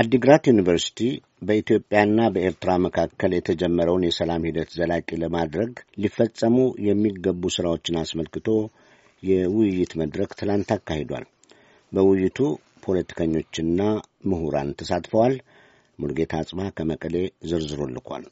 አዲግራት ዩኒቨርሲቲ በኢትዮጵያና በኤርትራ መካከል የተጀመረውን የሰላም ሂደት ዘላቂ ለማድረግ ሊፈጸሙ የሚገቡ ስራዎችን አስመልክቶ የውይይት መድረክ ትላንት አካሂዷል። በውይይቱ ፖለቲከኞችና ምሁራን ተሳትፈዋል። ሙልጌታ አጽባ ከመቀሌ ዝርዝሩን ልኳል።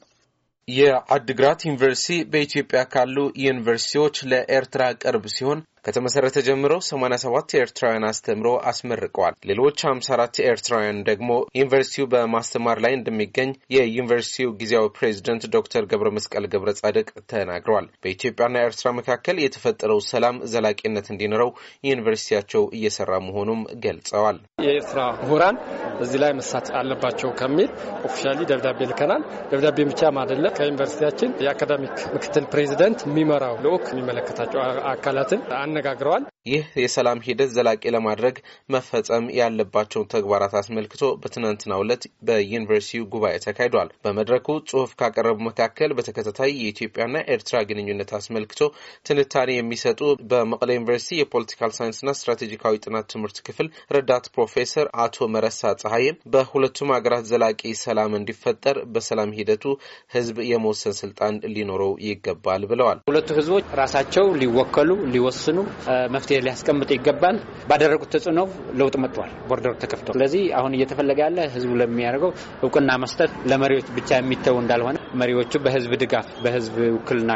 የአድግራት ዩኒቨርሲቲ በኢትዮጵያ ካሉ ዩኒቨርሲቲዎች ለኤርትራ ቅርብ ሲሆን ከተመሰረተ ጀምሮ 87 ኤርትራውያን አስተምሮ አስመርቀዋል። ሌሎች 54 ኤርትራውያን ደግሞ ዩኒቨርሲቲው በማስተማር ላይ እንደሚገኝ የዩኒቨርሲቲው ጊዜያዊ ፕሬዚደንት ዶክተር ገብረ መስቀል ገብረ ጻድቅ ተናግረዋል። በኢትዮጵያና ኤርትራ መካከል የተፈጠረው ሰላም ዘላቂነት እንዲኖረው ዩኒቨርሲቲያቸው እየሰራ መሆኑም ገልጸዋል። የኤርትራ ምሁራን እዚህ ላይ መሳት አለባቸው ከሚል ኦፊሻሊ ደብዳቤ ልከናል። ደብዳቤ ብቻም አይደለም ከዩኒቨርሲቲያችን የአካዳሚክ ምክትል ፕሬዚደንት የሚመራው ልዑክ የሚመለከታቸው አካላትን አነጋግረዋል። ይህ የሰላም ሂደት ዘላቂ ለማድረግ መፈጸም ያለባቸውን ተግባራት አስመልክቶ በትናንትናው ዕለት በዩኒቨርሲቲው ጉባኤ ተካሂዷል። በመድረኩ ጽሑፍ ካቀረቡ መካከል በተከታታይ የኢትዮጵያና ኤርትራ ግንኙነት አስመልክቶ ትንታኔ የሚሰጡ በመቀለ ዩኒቨርሲቲ የፖለቲካል ሳይንስና ስትራቴጂካዊ ጥናት ትምህርት ክፍል ረዳት ፕሮፌሰር አቶ መረሳ ፀሐይም በሁለቱም ሀገራት ዘላቂ ሰላም እንዲፈጠር በሰላም ሂደቱ ህዝብ የመወሰን ስልጣን ሊኖረው ይገባል ብለዋል። ሁለቱ ህዝቦች ራሳቸው ሊወከሉ ሊወስኑ መፍትሄ ሊያስቀምጡ ይገባል። ባደረጉት ተጽዕኖ ለውጥ መጥቷል። ቦርደሩ ተከፍቷል። ስለዚህ አሁን እየተፈለገ ያለ ህዝቡ ለሚያደርገው እውቅና መስጠት ለመሪዎች ብቻ የሚተው እንዳልሆነ መሪዎቹ በህዝብ ድጋፍ በህዝብ ውክልና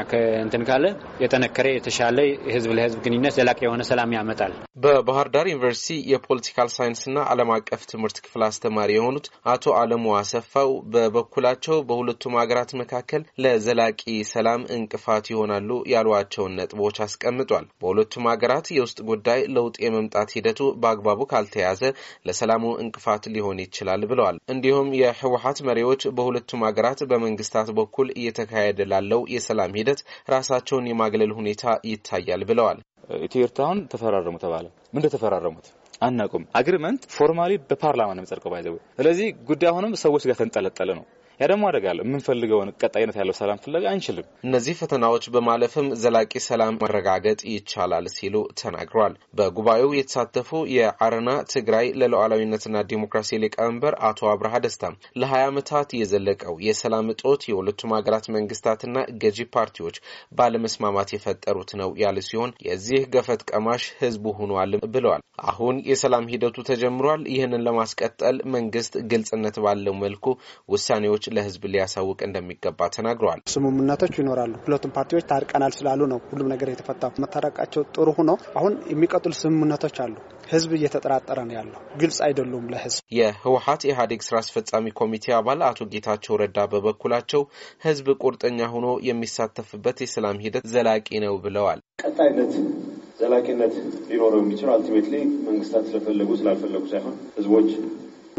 እንትን ካለ የጠነከረ የተሻለ የህዝብ ለህዝብ ግንኙነት ዘላቂ የሆነ ሰላም ያመጣል። በባህር ዳር ዩኒቨርሲቲ የፖለቲካል ሳይንስና ዓለም አቀፍ ትምህርት ክፍል አስተማሪ የሆኑት አቶ አለሙ አሰፋው በበኩላቸው በሁለቱም ሀገራት መካከል ለዘላቂ ሰላም እንቅፋት ይሆናሉ ያሏቸውን ነጥቦች አስቀምጧል። በሁለቱም ሀገራት የውስጥ ጉዳይ ለውጥ የመምጣት ሂደቱ በአግባቡ ካልተያዘ ለሰላሙ እንቅፋት ሊሆን ይችላል ብለዋል። እንዲሁም የህወሀት መሪዎች በሁለቱም ሀገራት በመንግስታት በህወሓት በኩል እየተካሄደ ላለው የሰላም ሂደት ራሳቸውን የማግለል ሁኔታ ይታያል ብለዋል። ኢትዮ ኤርትራውን ተፈራረሙ ተባለ። ምንደ ተፈራረሙት አናቁም። አግሪመንት ፎርማሊ በፓርላማ ነው የሚጸድቀው ባይዘ። ስለዚህ ጉዳይ አሁንም ሰዎች ጋር ተንጠለጠለ ነው ያ ደግሞ አደጋለ የምንፈልገውን ቀጣይነት ያለው ሰላም ፍለጋ አንችልም። እነዚህ ፈተናዎች በማለፍም ዘላቂ ሰላም መረጋገጥ ይቻላል ሲሉ ተናግረዋል። በጉባኤው የተሳተፉ የአረና ትግራይ ለሉዓላዊነትና ዲሞክራሲ ሊቀመንበር አቶ አብርሃ ደስታ ለ20 ዓመታት የዘለቀው የሰላም እጦት የሁለቱም ሀገራት መንግስታትና ገዢ ፓርቲዎች ባለመስማማት የፈጠሩት ነው ያለ ሲሆን የዚህ ገፈት ቀማሽ ህዝቡ ሆኗል ብለዋል። አሁን የሰላም ሂደቱ ተጀምሯል። ይህንን ለማስቀጠል መንግስት ግልጽነት ባለው መልኩ ውሳኔዎች ለህዝብ ሊያሳውቅ እንደሚገባ ተናግረዋል። ስምምነቶች ይኖራሉ። ሁለቱም ፓርቲዎች ታርቀናል ስላሉ ነው ሁሉም ነገር የተፈታው። መታረቃቸው ጥሩ ሆኖ አሁን የሚቀጥሉ ስምምነቶች አሉ። ህዝብ እየተጠራጠረ ነው ያለው፣ ግልጽ አይደሉም ለህዝብ። የህወሀት ኢህአዴግ ስራ አስፈጻሚ ኮሚቴ አባል አቶ ጌታቸው ረዳ በበኩላቸው ህዝብ ቁርጠኛ ሆኖ የሚሳተፍበት የሰላም ሂደት ዘላቂ ነው ብለዋል። ቀጣይነት ዘላቂነት ሊኖረው የሚችለው አልቲሜትሊ መንግስታት ስለፈለጉ ስላልፈለጉ ሳይሆን ህዝቦች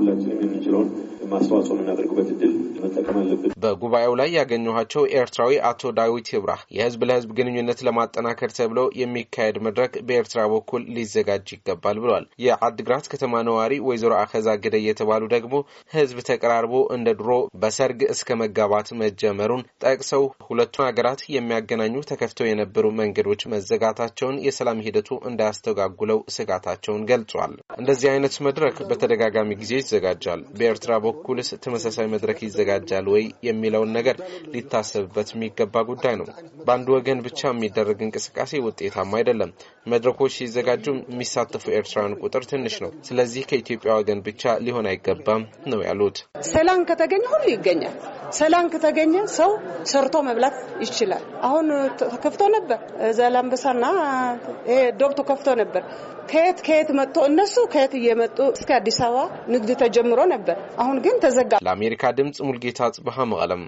ሁላችንም የምንችለውን ማስተዋጽኦ የምናደርጉበት እድል መጠቀም አለብን። በጉባኤው ላይ ያገኘኋቸው ኤርትራዊ አቶ ዳዊት ይብራ የህዝብ ለህዝብ ግንኙነት ለማጠናከር ተብሎ የሚካሄድ መድረክ በኤርትራ በኩል ሊዘጋጅ ይገባል ብሏል። የአድግራት ከተማ ነዋሪ ወይዘሮ አከዛ ግደ የተባሉ ደግሞ ህዝብ ተቀራርቦ እንደ ድሮ በሰርግ እስከ መጋባት መጀመሩን ጠቅሰው ሁለቱን ሀገራት የሚያገናኙ ተከፍተው የነበሩ መንገዶች መዘጋታቸውን የሰላም ሂደቱ እንዳያስተጓጉለው ስጋታቸውን ገልጿል። እንደዚህ አይነት መድረክ በተደጋጋሚ ጊዜ ይዘጋጃል። በኤርትራ በኩልስ ተመሳሳይ መድረክ ይዘጋጃል ወይ የሚለውን ነገር ሊታሰብበት የሚገባ ጉዳይ ነው። በአንድ ወገን ብቻ የሚደረግ እንቅስቃሴ ውጤታማ አይደለም። መድረኮች ሲዘጋጁ የሚሳተፉ ኤርትራውያን ቁጥር ትንሽ ነው። ስለዚህ ከኢትዮጵያ ወገን ብቻ ሊሆን አይገባም ነው ያሉት። ሰላም ከተገኘ ሁሉ ይገኛል። ሰላም ከተገኘ ሰው ሰርቶ መብላት ይችላል። አሁን ከፍቶ ነበር ዛላምበሳና ዶብቶ ከፍቶ ነበር። ከየት ከየት መጥቶ እነሱ ከየት እየመጡ እስከ አዲስ አበባ ንግድ ተጀምሮ ነበር። አሁን ግን ተዘጋ። ለአሜሪካ ድምፅ ሙልጌታ ጽብሃ መቀለም